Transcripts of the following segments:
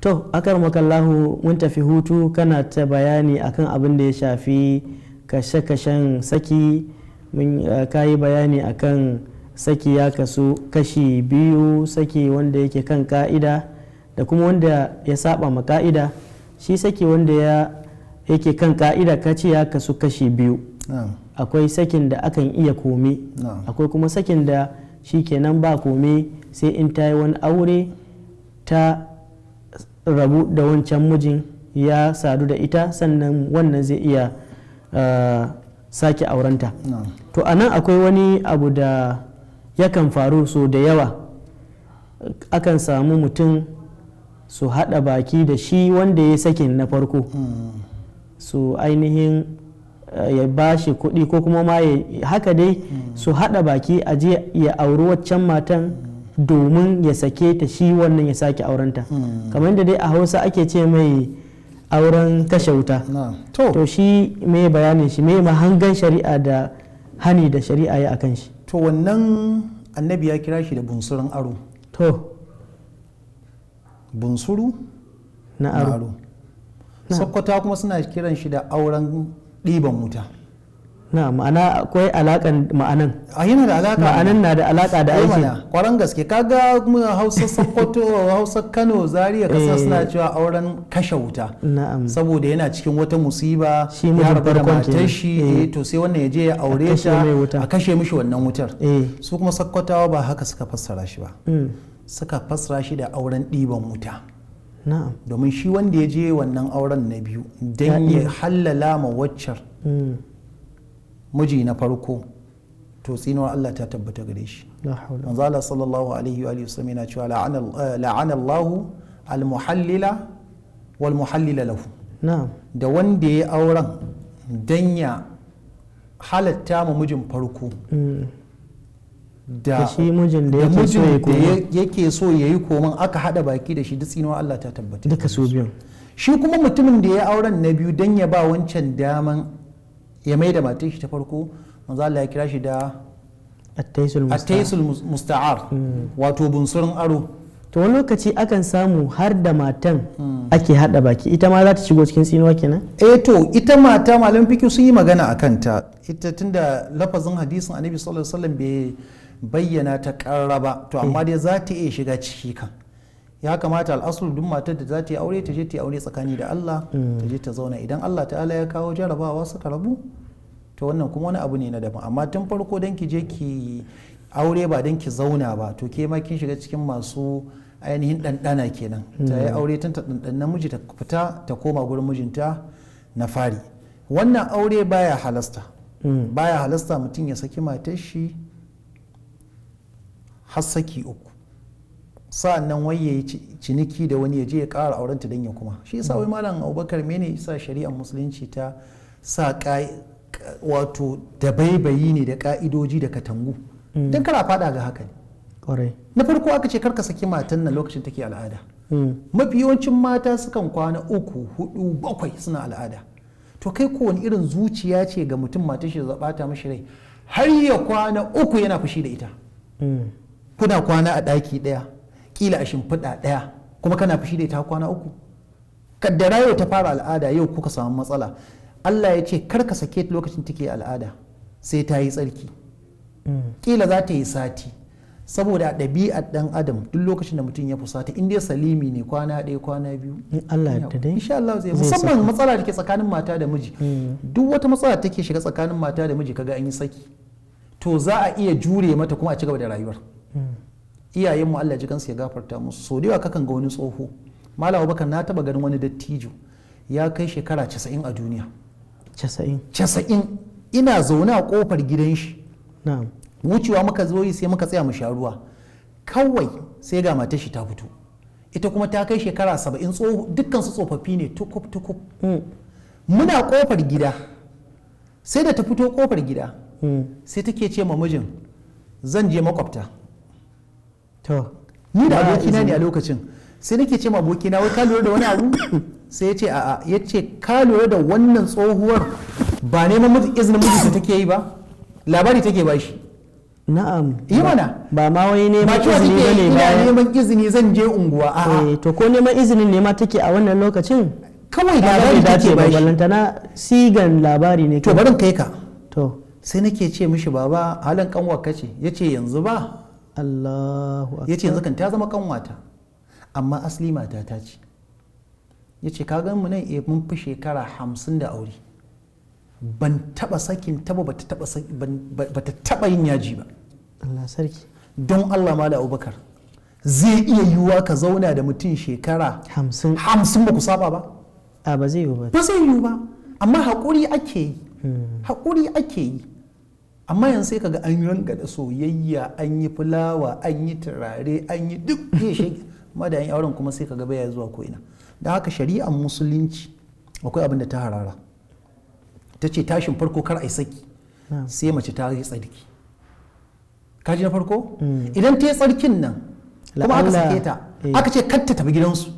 to akar makallahu mun tafi hutu kana ta bayani akan abin da ya shafi kashe-kashen saki eh, ka yi bayani akan saki ya kasu kashi biyu saki wanda yake kan ka'ida da kuma wanda ya saba ma ka'ida shi saki wanda ya yake kan ka'ida kace ya kasu kashi biyu akwai sakin da akan iya komi akwai kuma sakin da shi kenan ba komi sai in ta yi wani aure ta rabu da wancan mijin ya sadu da ita sannan wannan zai iya uh, sake aurenta to a nan akwai wani abu da yakan faru so da yawa akan samu mutum su haɗa baki da shi wanda ya sakin na farko hmm. su ainihin uh, ya ba shi kuɗi ko kuma ma ya haka dai hmm. su haɗa baki a ya auri waccan matan hmm. domin ya sake ta shi wannan ya sake aurenta hmm. kamar da dai a hausa ake ce mai auren kashe wuta to shi mai bayanin shi mai mahangan shari'a da hani da shari'a ya akan shi to wannan annabi ya kira shi da bunsurun aro to bunsuru na aro sakkwata kuma suna kiran shi da auren ɗiban wuta na ma'ana akwai alakan ma'anan a ah, yana da alaka ma'anan na da alaka da aiki kwaran gaske kaga hausa sokoto hausa kano zaria kasa suna eh. cewa auren kashe wuta saboda yana cikin wata musiba shi ne da matar shi eh. to sai wannan ya je ya aure ta a kashe mishi wannan wutar eh. su kuma sokotawa ba haka suka fassara shi ba hmm. suka fassara shi da auren ɗiban wuta domin shi wanda ya je wannan auren na biyu don ya hallala ma waccar hmm. miji na farko to tsinuwa Allah ta tabbata gare shi manzo Allah sallallahu alaihi wa sallam yana cewa la'ana eh, Allah al-muhallila wal muhallila lahu da wanda ya auren danya ya halatta ma mijin farko mm. da mijin da yake so ya yi koman aka hada baki da shi duk tsinuwa Allah ta tabbata duka su shi kuma mutumin da ya auren na biyu dan ya ba wancan daman ya mai da matin shi ta farko manzo Allah kira shi da attaisul musta'ar hmm. wato bunsurin aro to wani lokaci akan samu har da matan hmm. ake hada baki ita ma za ta shigo cikin tsinuwa kenan eh to ita mata malam fiki sun yi magana a kanta ita tunda lafazin hadisin annabi sallallahu alaihi wasallam bai bayyana ta karra to amma hmm. dai za ta iya shiga ciki kan ya kamata al'asul duk matar da za ta yi aure ta je ta yi aure tsakani da Allah ta je ta zauna idan Allah ta'ala ya kawo jarabawa suka rabu to wannan kuma wani abu ne na daban amma tun farko dan ki je ki aure ba dan ki zauna ba to ke ma kin shiga cikin masu ainihin ɗanɗana kenan ta yi aure tun ta ɗanɗan namiji ta fita ta koma gurin mijinta na fari wannan aure baya halasta baya halasta mutum ya saki matar shi har saki uku sa'annan wai ya yi ciniki da wani ya je ya ƙara aurenta dan ya kuma shi yasa wai mm. malam abubakar mene sa shari'ar musulunci ta sa wato da baibayi ne da ka'idoji da katangu mm. don kana fada ga haka ne na farko aka ce kar ka saki matan nan lokacin take al'ada mm. mafi yawancin mata sukan kwana uku hudu bakwai suna al'ada to kai kowane irin zuciya ce ga mutum matan shi zaɓata mashi rai har ya kwana uku yana fushi da ita kuna kwana a ɗaki ɗaya kila a shimfiɗa ɗaya kuma kana fushi da ita kwana uku kaddara yau ta fara al'ada yau kuka samu matsala Allah ya ce kar ka sake ta lokacin take al'ada sai ta yi tsarki mm. kila za ta yi sati saboda a ɗabi'ar ɗan adam duk lokacin da mutum ya fusata in dai salimi ne kwana ɗaya kwana biyu Allah ya insha Allah zai musamman matsala take tsakanin mata da miji mm. duk wata matsala take shiga tsakanin mata da miji kaga an yi saki to za a iya jure mata kuma a ci gaba da rayuwar mm. iyayenmu Allah ji kansu ya gafarta musu so da kakan ga wani tsoho malam abubakar na taba ganin wani dattijo ya kai shekara casa'in a duniya casa'in ina zaune a kofar gidan shi wucewa muka zo sai muka tsaya mu sha kawai sai ga mata shi ta fito ita kuma ta kai shekara saba'in tsoho dukkan su tsofaffi ne tukup tukup hmm. muna kofar gida sai da ta fito kofar gida hmm. sai take ce ma mijin zan je makwabta to ni da abokina ne a lokacin sai nake ce ma abokina wai ka lura da wani abu sai ya ce a'a ya ce ka lura da wannan tsohuwar ba neman izinin mijinta take yi ba labari take ba shi na'am yi mana ba ma wani neman izini ba ne ba neman izini zan je unguwa a eh, to ko neman izinin ne ma take a wannan lokacin kawai labari take ba shi na sigan labari ne to barin kai ka to sai nake ce mishi baba halin kanwa kace yace yanzu ba Allahu ya ce yanzu kan ta zama kanwata amma asali mata ta ce ya ce kagan mu nan eh, mun fi shekara hamsin da aure ban taba sakin taba ba ta taba yin yaji ba Allah sarki don Allah mala abubakar zai iya yiwuwa ka zauna da mutum shekara hamsin hamsin ba ku saba ba a ba zai yiwu ba ba zai yiwu ba amma haƙuri ake yi hmm. haƙuri ake yi amma yanzu sai kaga an ranga da soyayya an yi fulawa an yi turare an yi duk shi amma da an auren kuma sai kaga baya zuwa ko ina don haka shari'ar musulunci akwai abin da ta harara ta ce tashin farko kar a yi saki sai mace ta yi tsarki kaji na farko mm. idan ta yi tsarkin nan kuma aka sake ta eh. aka ce kar ta tafi gidansu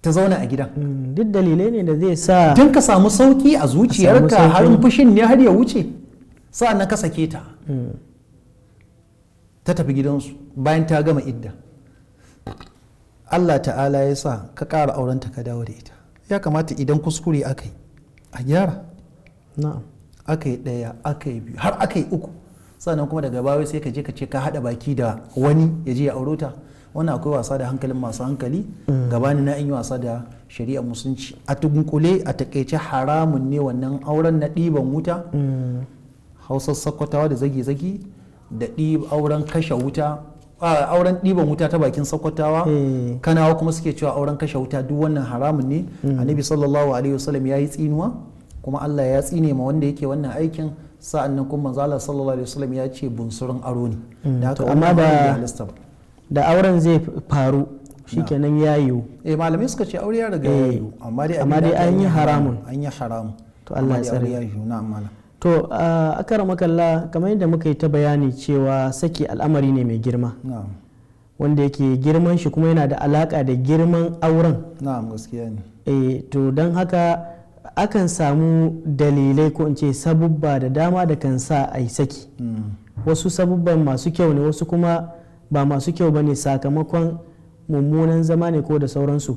ta zauna a gidan mm, duk dalilai ne da zai sa tun ka samu sauki a zuciyarka har fushin ne har ya wuce sa'an na ka sake ta ta tafi gidansu bayan ta gama idda Allah ta'ala ya sa ka ƙara aurenta ka dawo da ita ya kamata idan kuskure aka yi a gyara aka yi ɗaya aka yi biyu har aka yi uku sannan kuma daga bawai sai ka je ka ce ka haɗa baki da wani ya je ya auro ta wani akwai wasa da hankalin masu hankali mm. gabani na in yi wasa da shari'a musulunci a tukunkule a takaice haramun ne wannan auren na ɗiban wuta mm. hausa sakkwatawa da zagi-zagi da auren kashe wuta auren ɗiban wuta ta bakin sakkwatawa hmm. kanawa kuma suke cewa auren kashe wuta duk wannan haramun ne hmm. annabi sallallahu alaihi wasallam ya yi tsinuwa kuma allah ya tsine ma wanda yake wannan aikin sa'an nan kuma zala sallallahu alaihi wasallam ya ce bunsurin aro ne hmm. da amma da da auren zai faru shikenan ya yiwu eh malamai suka ce aure ya riga ya eh. yiwu amma dai an yi haramun an yi haramun to allah ya tsare ya yiwu na'am malam to a kara makalla kamar yadda muka yi ta bayani cewa saki al'amari ne mai girma wanda yake girman shi kuma yana da alaka da girman auren eh to don haka akan samu dalilai ko in ce sabubba da dama da kan sa a yi saki mm. wasu sabubban masu kyau ne wasu kuma ba masu kyau ba ne sakamakon mummunan zama ne ko da sauransu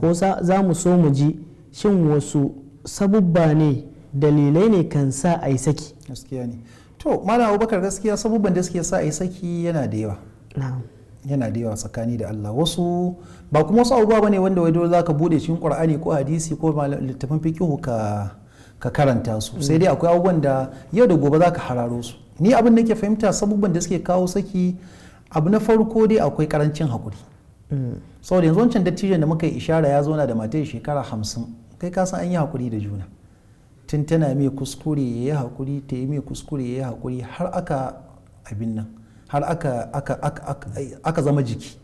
ko za mu so mu ji shin wasu sabubba ne dalilai ne kan sa a yi saki gaskiya ne to malam abubakar gaskiya sabubban da suke sa a yi saki yana da yawa yana da yawa tsakani da Allah wasu ba kuma wasu abubuwa ba ne wanda wai dole zaka bude cikin Qur'ani ko hadisi ko littafin fiqh ka ka karanta su mm. sai dai akwai abubuwan da yau da gobe zaka hararo su ni abin da ke fahimta sabubban da suke kawo saki abu na farko dai akwai karancin hakuri mm. saboda yanzu wancan dattijan da muka yi ishara ya zauna da matar shekara hamsin kai ka san an yi hakuri da juna tun tana mai kuskure ya yi haƙuri ta yi mai kuskure ya yi haƙuri har aka abin nan har aka, zama jiki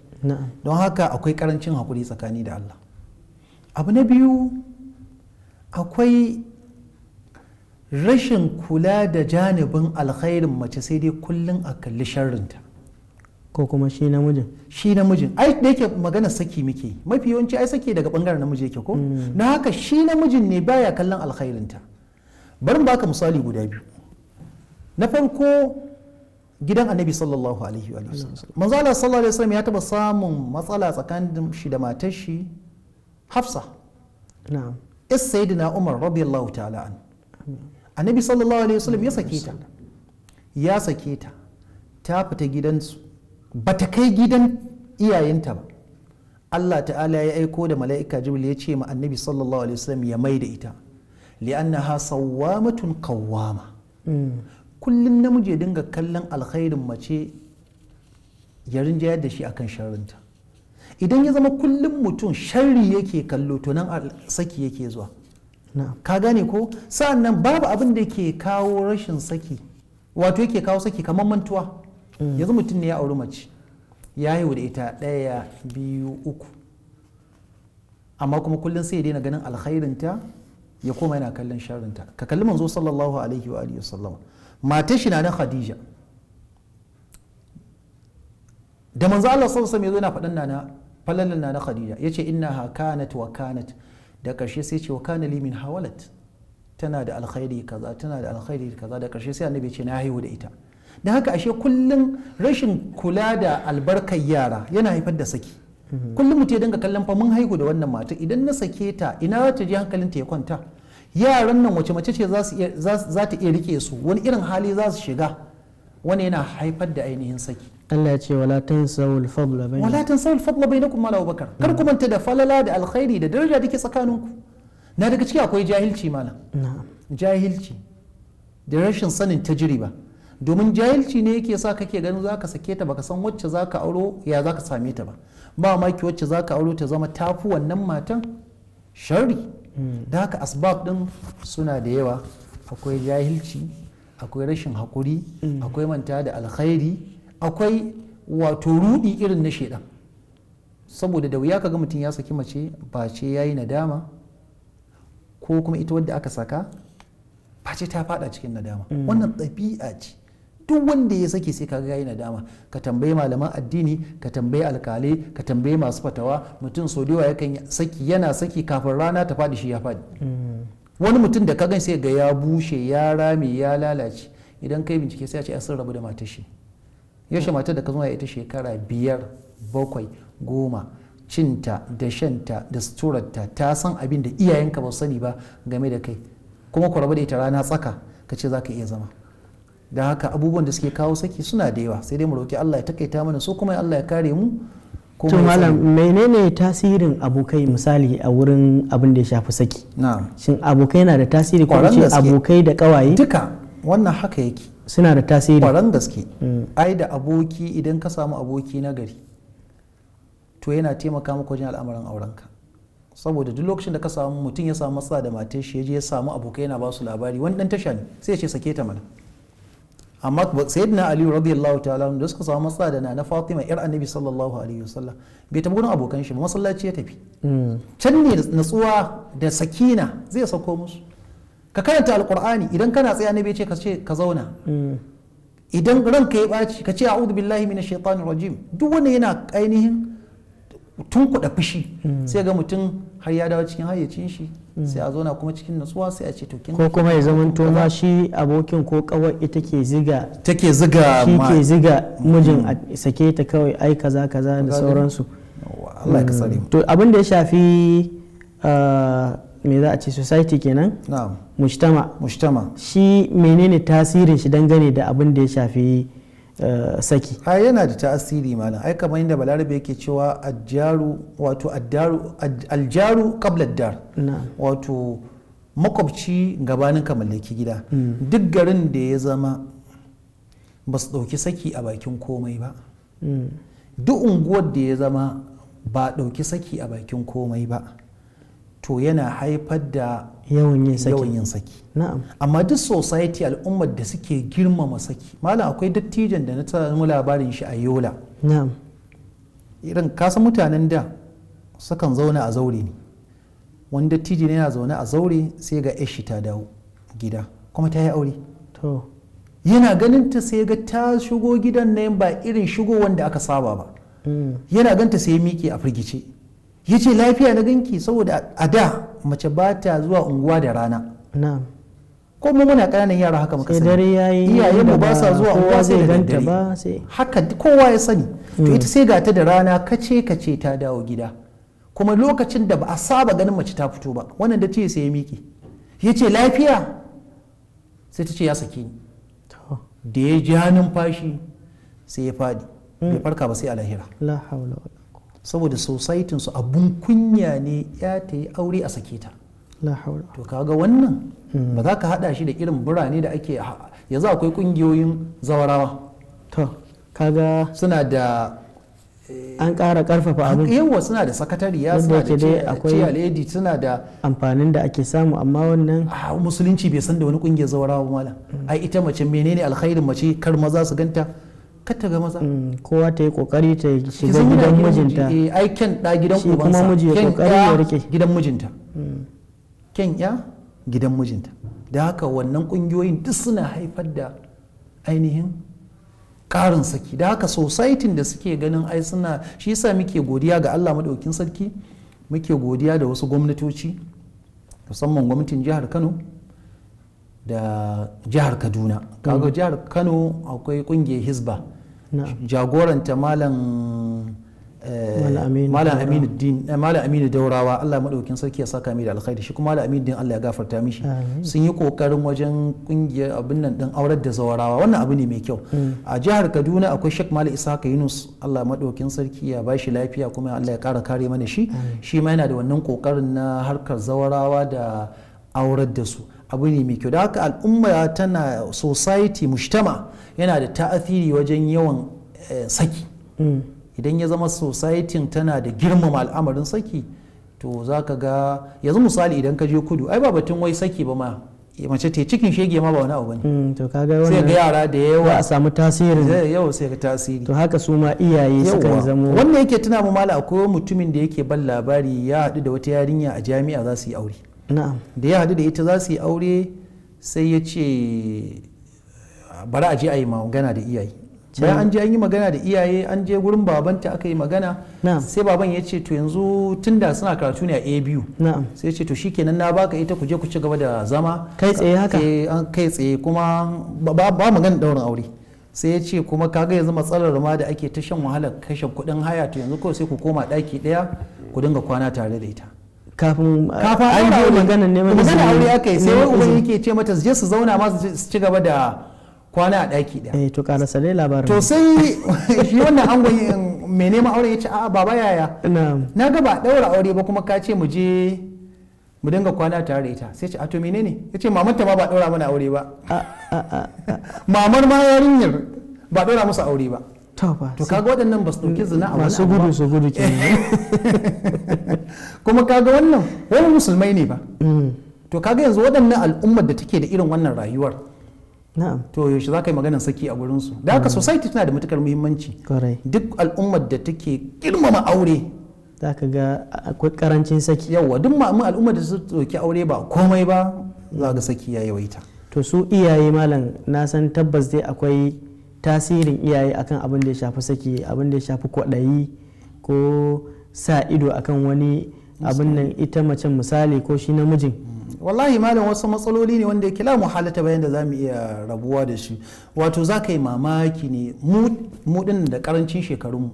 don haka akwai ƙarancin hakuri tsakani da Allah abu na biyu akwai rashin kula da janibin alkhairin mace sai dai kullum a kalli sharrinta ko kuma shi namijin shi namijin ai da yake magana saki muke mafi yawanci ai saki daga bangaren namiji yake ko hmm. na haka shi namijin ne baya kallon alkhairinta barin baka misali guda biyu na farko gidan annabi sallallahu alaihi wa sallam manzo Allah sallallahu alaihi wasallam ya taba samun matsala tsakanin shi da matar shi Hafsa na'am is sayyidina Umar radiyallahu ta'ala an annabi sallallahu alaihi wasallam ya sake ta ya sake ta ta fita gidansu ba ta kai gidan iyayenta ba Allah ta'ala ya aiko da mala'ika jibril ya ce ma annabi sallallahu alaihi wasallam ya mai da ita li'annaha sawwamatun qawwama mm. kullum namiji ya dinga kallon alkhairin mace ya da shi akan sharrinta idan ya zama kullum mutum sharri yake kallo to nan saki yake zuwa ka gane ko sa'an babu abin da ke kawo rashin saki wato yake kawo saki kamar mantuwa Mm. yanzu mutum ne ya auri mace ya haihu da ita ɗaya biyu uku amma kuma kullum sai ya daina ganin alkhairinta ya koma yana kallon sharrinta ka kalli manzo sallallahu alaihi wa alihi sallama matar shi na nan khadija da manzo Allah sallallahu alaihi wa yana faɗan nana na na khadija yace innaha kanat wa kanat da karshe sai ce wa kana li min hawalat tana da alkhairi kaza tana da alkhairi kaza da ƙarshe sai annabi ya ce na haihu da ita da haka ashe kullum rashin kula da albarkar yara yana haifar da saki mhm. kullum mutum ya dinga kallon fa mun haihu da wannan mata idan na sake ta ina za ta je hankalinta ya kwanta yaran nan wace mace ce za ta iya rike su wani irin hali za su shiga wani yana haifar da ainihin saki Allah ya ce wala sawul fadla bainakum wala sawul fadla bainakum mala Abubakar mm. kar ku manta da falala da alkhairi da daraja dake tsakaninku na daga ciki akwai jahilci malam jahilci da rashin sanin tajriba domin jahilci ne yake sa kake ganin zaka sake ta baka san wacce zaka auro ya zaka same ta ba ba maki wacce zaka auro ta zama tafi wannan matan sharri da haka asbab din suna da yawa akwai jahilci akwai rashin hakuri akwai manta da alkhairi akwai wato rudi irin na shedan saboda da wuya kaga mutum ya saki mace ba ce yayi nadama ko kuma ita wadda aka saka face ta fada cikin nadama wannan ɗabi'a ce duk wanda ya sake sai kaga yayi nadama ka tambayi malaman addini ka tambayi alkalai ka tambayi masu fatawa mutum so da yakan saki yana saki kafin rana ta fadi shi ya fadi mm. wani mutum da kagan sai ga ya bushe ya rame ya lalace idan kai bincike sai a ce sun rabu da matar shi yaushe matar da ka zuwa ita shekara biyar bakwai goma cinta da shanta da suturarta ta san abin da iyayenka ba sani ba game da kai kuma ku rabu da ita rana tsaka ka ce za ka iya zama da haka abubuwan da suke kawo saki suna da yawa sai dai mu roki Allah ya takaita mana su kuma Allah ya kare mu to malam menene tasirin abokai misali a wurin abin da ya shafi saki shin abokai na da tasiri ko ce abokai da kawaye duka wannan haka yake suna da tasiri kwaran gaske mm. ai da aboki idan ka samu aboki na gari to yana taimaka maka wajen al'amuran aurenka saboda duk lokacin da ka samu mutum ya samu matsala da matar shi ya je ya samu abokai yana ba su labari wani dan tasha ne sai ya ce sake ta mana amma sayyidina ali radiyallahu ta'ala da suka samu matsala da na fatima yar annabi sallallahu alaihi wasallam bai tafi abokan shi ba masallaci ya tafi hmm. can ne natsuwa da sakina zai sauko musu ka karanta alqur'ani idan kana tsaya annabi ce ka ce ka zauna hmm. idan ranka ya baci ka ce a'udhu billahi minash shaitanir rajim duk wanda yana ainihin tun fushi hmm. sai ga mutum har ya dawo cikin hayyacin shi sai a zo na kuma cikin nutsuwa sai a ce to kin ko kuma ya zama to ma shi abokin ko kawai ita ke ziga take ziga shi ke ziga mm. mijin a sake ta kawai ai kaza kaza da sauransu Allah ya tsare mm. to abin da ya shafi ah, me za a ce society kenan na'am mujtama mujtama shi menene tasirin shi dangane da abin da ya shafi saki a yana da tasiri mana ai kamar inda balarabe yake cewa aljaru wato aljaru qabla dar wato makwabci gabanin ka mallaki gida mm. duk garin da ya zama ba su ɗauki saki a bakin komai ba mm. duk unguwar da ya zama ba ɗauki saki a bakin komai ba to yana haifar da yawan yin saki yawan yin saki na'am amma duk society al'ummar da suke girmama saki malam akwai dattijan da na samu labarin shi a yola na'am irin kasan mutanen da sukan zauna a zaure ne wani dattijo ne yana zaune a zaure sai ga shi ta dawo gida kuma ta yi aure to yana ganin ta sai ga ta shigo gidan nan ba irin shigo wanda aka saba ba mm. yana ganta sai miƙe a firgice ya ce lafiya na ganki saboda a da mace ba ta zuwa unguwa da rana ko mu muna ƙananan yara haka muka sani iyayen mu ba sa zuwa unguwa sai da dare haka kowa ya sani to mm. ita sai gata da rana kace kace ta dawo gida kuma lokacin da ba a saba ganin mace ta fito ba wannan da ce sai ya miki ya ce lafiya sai ta ce ya saki ni da ya ja numfashi sai ya fadi bai mm. farka ba sai a lahira saboda societinsu su abun kunya ne ya ta yi aure a sake ta to kaga wannan hmm. ba za ka hada shi da irin birane da ake yanzu akwai kungiyoyin zawarawa to kaga suna da eh, an kara karfafa abin yawa suna da sakatariya suna da ciya lady suna da amfanin da ake samu amma wannan ah, musulunci bai san da wani kungiyar zawarawa malam hmm. ai ita mace menene alkhairin mace kar maza su ganta kata ga maza mm, kowa ta yi kokari ta shiga gidan mijinta eh, ai ken da gidan ubansa kuma miji kokari ya rike gidan mijinta mm. ken ya gidan mijinta da haka wannan kungiyoyin duk suna haifar da ainihin karin saki da haka societin da suke ganin ai suna shi yasa muke godiya ga Allah madaukin sarki muke godiya da wasu gwamnatoci musamman gwamnatin jihar Kano da jihar kaduna kaga mm. jihar kano akwai kungiyar hizba jagoranta malam eh, eh, malam aminu daurawa allah maɗaukin sarki ya saka mai da alkhairi shi kuma malam aminu din allah ya gafarta mishi sun yi kokarin wajen kungiyar abin nan din aurar da zawarawa wannan abu ne mai kyau mm. a jihar kaduna akwai shek malam isaka yunus allah maɗaukin sarki ya ba shi lafiya kuma allah ya ƙara kare mana shi shi ma yana da wannan kokarin na harkar zawarawa da aurar da su abu ne mai kyau da haka al'umma tana society mujtama yana da ta'athiri wajen yawan eh, saki mm. idan ya zama society tana da girmama al'amarin saki to za ka ga yanzu misali idan ka je kudu ai ba batun wai saki ba ma mace ta cikin shege ma ba wani abu bane mm, to kaga wannan sai ga yara da yawa a samu tasirin eh, yawa sai ga tasiri to haka su ma iyaye suka zamo wannan yake tuna mu mala akwai mutumin da yake ban labari ya hadu da wata yarinya a jami'a za su yi aure na'am da ya hadu da ita za su yi aure sai ya ce bari a je a yi magana da iyaye bayan an je an yi magana da iyaye an je gurin babanta aka yi magana sai baban ya ce to yanzu tunda suna karatu ne a a biyu sai ya ce to shikenan na baka ita ku je ku ci gaba da zama kai tsaye haka eh, kai tsaye kuma ba magana daurin aure sai ya ce kuma kaga yanzu matsalar ma da ake ta shan wahalar kashe kuɗin haya to yanzu kawai sai ku koma ɗaki ɗaya ku dinga kwana tare da ita Uh, kafin an yi magana neman magana aure aka yi sai wani uban yake ce mata su je su zauna ma su ci gaba da kwana a daki da eh to kana sanai labarin to sai shi wannan angon mai neman aure ce a'a baba yaya na ga ba daura aure ba kuma ka ce mu je mu dinga kwana tare da ita sai ce a to menene ce maman ta ma ba daura mana aure ba mamar ma yarinyar ba daura musu aure ba to kaga waɗannan ba su ɗauki zina a wani gudu su gudu kuma kaga wannan wani musulmai ne ba mm. to kaga yanzu waɗannan al'ummar da take da irin wannan rayuwar to yaushe za ka yi maganar saki a su da haka mm. society tana da matukar muhimmanci duk al'ummar da take girmama aure za ka ga akwai karancin saki yawa duk ma'amin al'ummar da su ɗauki aure ba komai ba za ga saki ya yawaita to su iyaye malam na san tabbas dai akwai tasirin iyaye akan abin da ya shafi saki abin da ya shafi kwaɗayi ko sa ido akan wani abin nan ita macen misali ko shi namijin mm. wallahi malam wasu matsaloli ne wanda kila lamu halata bayan da za mu iya rabuwa da shi wato za ka yi mamaki ne mu da karancin shekarunmu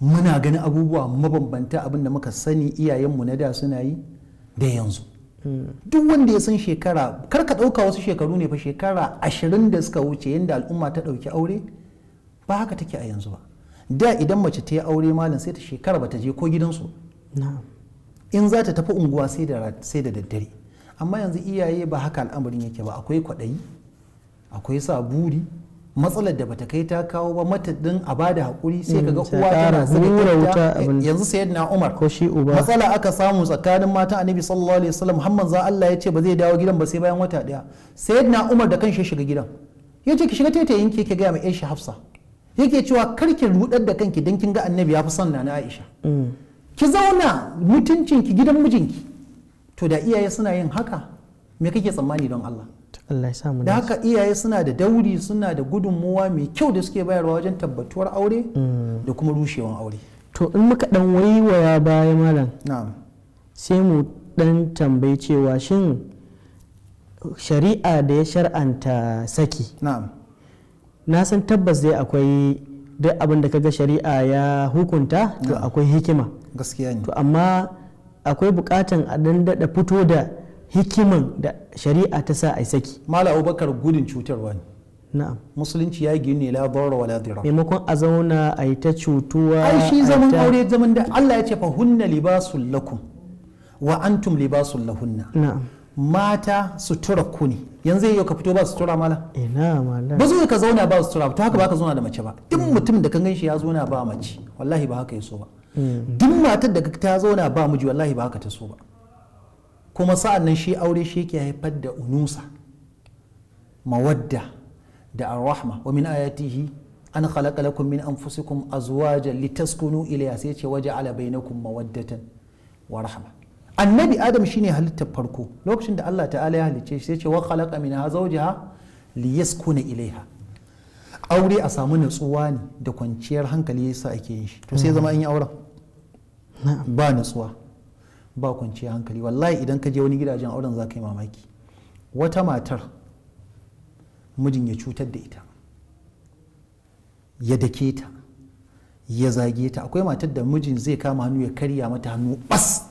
muna ganin abubuwa mabambanta abin da muka sani iyayenmu na da suna yi da yanzu duk wanda ya san shekara kar ka ɗauka wasu shekaru ne fa shekara ashirin da suka wuce yadda al'umma ta ɗauki aure ba haka take a yanzu ba da idan mace ta yi aure malam sai ta shekara ba ta je ko gidansu in za ta tafi unguwa sai da daddare amma yanzu iyaye ba haka al'amarin yake ba akwai kwaɗayi akwai sa buri matsalar da bata kai ta kawo ba matadin a bada hakuri sai kaga mm, uwa tana zuga yanzu sayyidina Umar ko shi uba matsala aka samu tsakanin mata Annabi sallallahu alaihi wasallam hamman za Allah ya ce ba zai dawo gidan ba sai bayan wata daya sayyidina Umar da kanshi shiga gidan ya ce ki shiga tete yanke ke ga mai Aisha Hafsa yake cewa kar ki rudar da kanki dan kin ga Annabi ya fi son na Aisha mm. ki zauna mutuncinki gidan mijinki to da iyaye suna yin haka me kake tsammani don Allah da haka iyaye suna da dauri suna da gudunmuwa mai kyau da suke bayarwa wajen tabbatuwar aure mm. da kuma rushewan aure to in muka dan waiwaya baya malam sai mu dan tambayi cewa shin shari'a da ya shar'anta saki na san tabbas dai akwai duk abin da kaga shari'a ya hukunta to akwai hikima gaskiya ne to amma akwai bukatan a dan da, fito da hikiman da shari'a ta sa a saki mala abubakar gudun cutarwa ne na'am musulunci ya gini la darra wala dira maimakon a zauna a yi ta cutuwa ai shi zaman aure zaman da Allah ya ce fa hunna libasul lakum wa antum libasul lahunna na'am mata sutura ku ne yanzu yau ka fito ba sutura mala ina mala ba zo ka zauna ba sutura to haka ba ka zauna da mace ba duk mutum da kan ganshi ya zauna ba mace wallahi ba haka yaso ba mm. duk matar da ta zauna ba miji wallahi ba haka ta so ba kuma sa'an nan shi aure shi ke haifar da unusa mawadda da arrahma wa min ayatihi an khalaqa lakum min anfusikum azwajan litaskunu ilayha sai ce waje ala bainakum mawaddatan wa rahma annabi adam shine halittar farko lokacin da Allah ta'ala ya halicce shi sai ce wa khalaqa minha zawjaha liyaskuna ilaiha aure a samu natsuwa ne da kwanciyar hankali yasa ake yin shi to sai zama an yi auren ba natsuwa ba kwanci hankali wallahi idan ka je wani gidajen auren za ka yi mamaki wata matar mijin ya cutar da ita ya dake ta ya zage ta akwai matar da mijin zai kama hannu ya karya mata hannu bas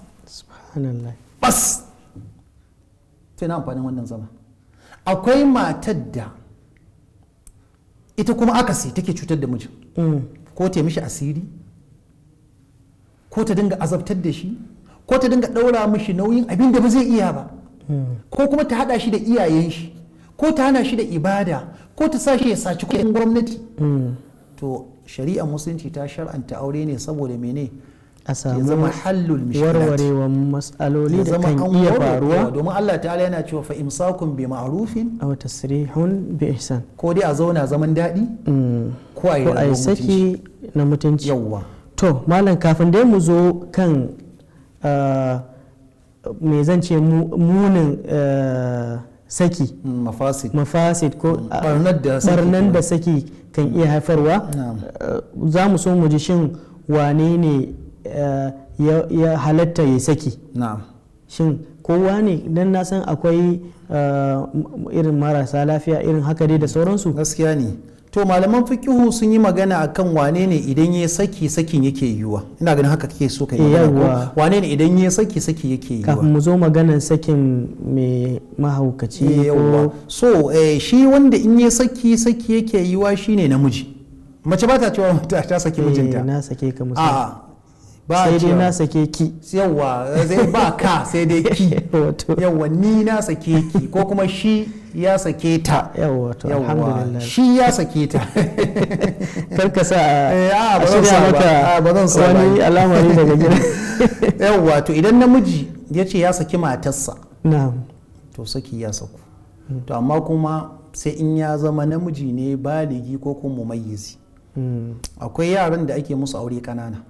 bas sai na amfanin wannan zama akwai matar da ita kuma akasi take cutar da mijin mm. ko ta mishi asiri ko ta dinga azabtar da shi ko ta dinga ɗaura mishi nauyin abin da ba zai iya ba ko kuma ta haɗa shi da iyayen shi ko ta hana shi da ibada ko ta sa shi ya saci kuɗin gwamnati to shari'a musulunci ta shar'anta aure ne saboda mene a samu zama hallul warwarewan matsaloli da kan iya faruwa domin Allah ta'ala yana cewa fa imsakun bi ma'rufin aw tasrihun bi ihsan ko dai a zauna zaman daɗi mm. ko a yi saki na mutunci yawwa to malam kafin dai mu zo kan Eh, me zan ce munin eh, saki mafasid ko mm. barnar da saki kan iya haifarwa eh, za mu so mu ji shin wane ne ya halatta ya saki shin kowa ne don na san akwai irin marasa lafiya irin haka dai da sauransu gaskiya ne to malaman fikihu sun yi magana akan wane ne idan ya saki sakin yake yiwuwa ina ganin haka kake so ka yi wane ne idan ya saki saki yake yiwuwa kafin mu zo maganar sakin mai mahaukaci so eh, shi wanda in ya saki saki yake yiwuwa shine namiji mace ba ta cewa ta saki mijinta eh, na sake ka musu a ce na sake ki yawwa zai eh, ba ka sai dai ki yawwa ni na sake ki ko kuma shi ya sake ta yawa alhamdulillah shi ya sake ta karka sa a shirya ba wani alamari daga gida yawwa to idan namiji ya ce ya saki matarsa to saki ya saku to amma kuma sai in ya zama namiji ne baligi ko kuma mayyizi hmm. akwai yaran da ake musu aure kanana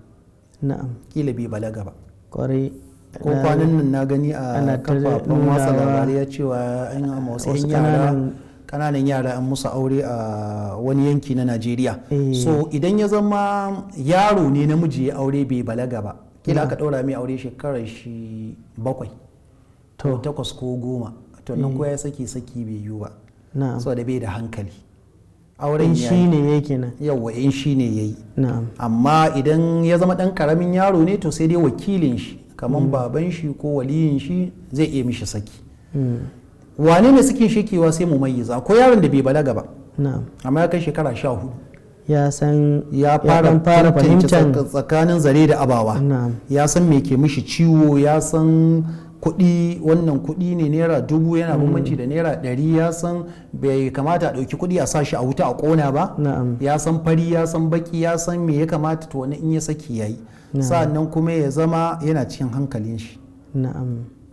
na'am kila bai balaga ba kwarai ko kwanan nan na gani a kafafen watsa labarai ya cewa an yi amma wasu yara kananan yara an musu aure a wani yanki na najeriya eh. so idan ya zama yaro ne namiji ya aure bai balaga ba kila aka ɗaura mai aure shekarar shi bakwai to takwas ko goma to nan eh. ko ya saki saki bai yiwu ba so da bai da hankali auren shi ne ya yi yawa in shi ne ya yi amma idan ya zama ɗan ƙaramin yaro ne to sai dai wakilin shi kamar mm. baban shi ko waliyin shi zai iya mishi saki mm. wane ne suke shekewa sai mu mayyaza ko yaron da bai balaga ba amma ya kai shekara sha hudu ya san ya fara fara fahimtar tsakanin zare da abawa ya san me ke mishi ciwo ya san kuɗi wannan kuɗi ne naira dubu yana mm. bambanci da naira ɗari ya san bai kamata a ɗauki kuɗi a sa shi a wuta a ƙona ba ya san fari ya san baki ya san me ya kamata to wani in ya saki ya yi sa'annan kuma ya zama yana cikin hankalin shi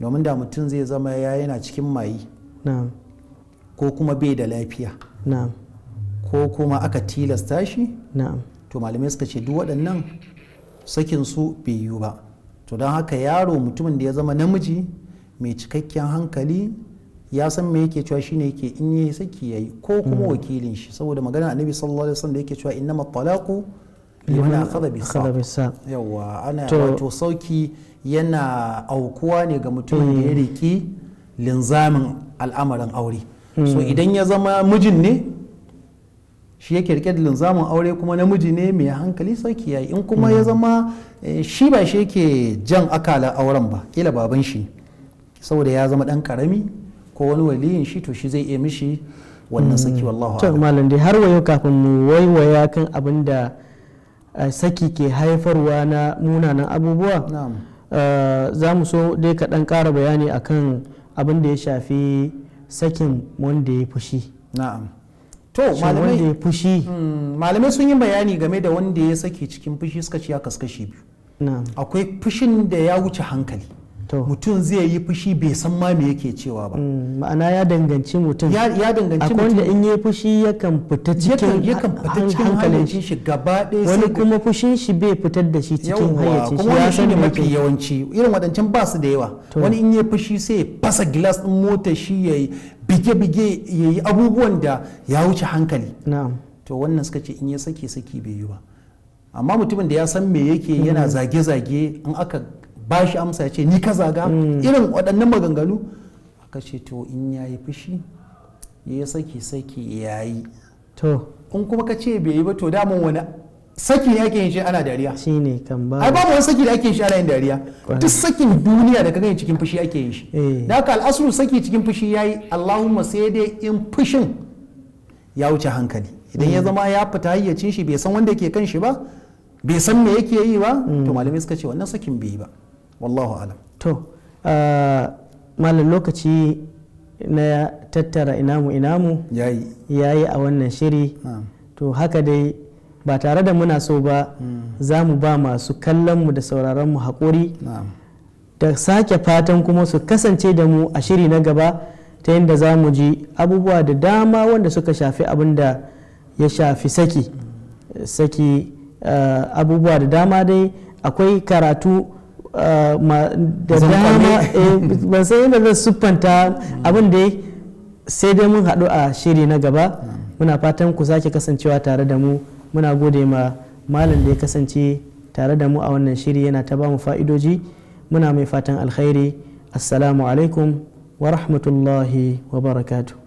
domin da mutum zai zama ya yana cikin mayi ko kuma bai da lafiya ko kuma aka tilasta shi to malamai suka ce duk waɗannan sakin su bai yiwu ba to don haka yaro mutumin da ya zama namiji mai cikakken hankali ya san me yake cewa shine yake in yi saki yayi ko kuma hmm. wakilin shi saboda magana annabi sallallahu alaihi wasallam da yake cewa innama talaqu liman akhadha bi sa yawa ana wato sauki yana aukuwa ne ga mutumin da ya hmm. riki linzamin al'amarin aure so hmm. idan ya zama mijin ne shi yake rike da linzamin aure kuma namiji ne mai hankali sauki yayi in kuma ya mm. zama eh, shi ba shi yake jan akala auren ba kila baban shi saboda ya zama dan karami ko wani waliyin shi to shi zai iya mishi wannan saki mm. wallahu malam dai har wayo kafin mu waiwaya kan abin da eh, saki ke haifarwa na munanan abubuwa eh, za mu so dai ka kaɗan ƙara bayani akan abin da ya shafi sakin wanda ya fushi na'am to hmm, malamai sun yi bayani game da wanda ya sake cikin fushi suka ce ya kaskashi biyu akwai fushin da ya wuce hankali mutum zai yi fushi bai san ma me yake cewa ba mm, ma'ana ya danganci mutum ya danganci mutum akwai in yi fushi yakan fita cikin yakan fita cikin hankalin shi gaba ɗaya wani kuma fushin shi bai fitar da shi cikin hayyacin shi ya san da mafi yawanci irin wadancan ba su da yawa wani in yi fushi sai fasa gilas din mota shi ya yi bige-bige yayi abubuwan da ya wuce hankali to wannan suka ce in ya sake saki bai yi ba amma mutumin da ya san me yake yana mm. zage-zage in aka ba shi amsa ya ce ni ka zaga mm. irin waɗannan maganganu aka ce to in ya yi fushi ya saki saki ya yi to in kuma ka ce bai yi ba to damun wani saki ne ake yin shi ana dariya shi ne kan ba ai babu wani saki da ake yin shi ana yin dariya duk sakin duniya da ka gani cikin fushi ake yin shi eh. da haka al'asru saki cikin fushi ya yi Allahumma sai dai in fushin ya wuce hankali idan ya mm. zama ya fita hayyacin shi bai san wanda ke kan shi ba bai san me yake yi ba to mm. malamai suka ce wannan sakin bai yi ba wallahu alam to malam lokaci na tattara inamu inamu yayi yayi a wannan shiri to haka dai ba tare da muna so ba hmm. za mu ba masu kallonmu da sauraronmu haƙuri da sake fatan kuma su kasance da mu a shiri na gaba ta yadda za mu ji abubuwa da dama wanda suka shafi abin da ya shafi saki abubuwa da dama dai akwai karatu da dama eh, ban san yadda zai siffanta abin da sai dai mun haɗu a shiri na gaba muna fatan ku sake kasancewa tare da mu muna gode ma malam da ya kasance tare da mu a wannan shiri yana ta ba mu fa'idoji muna mai fatan alkhairi assalamu alaikum wa rahmatullahi wa barakatuh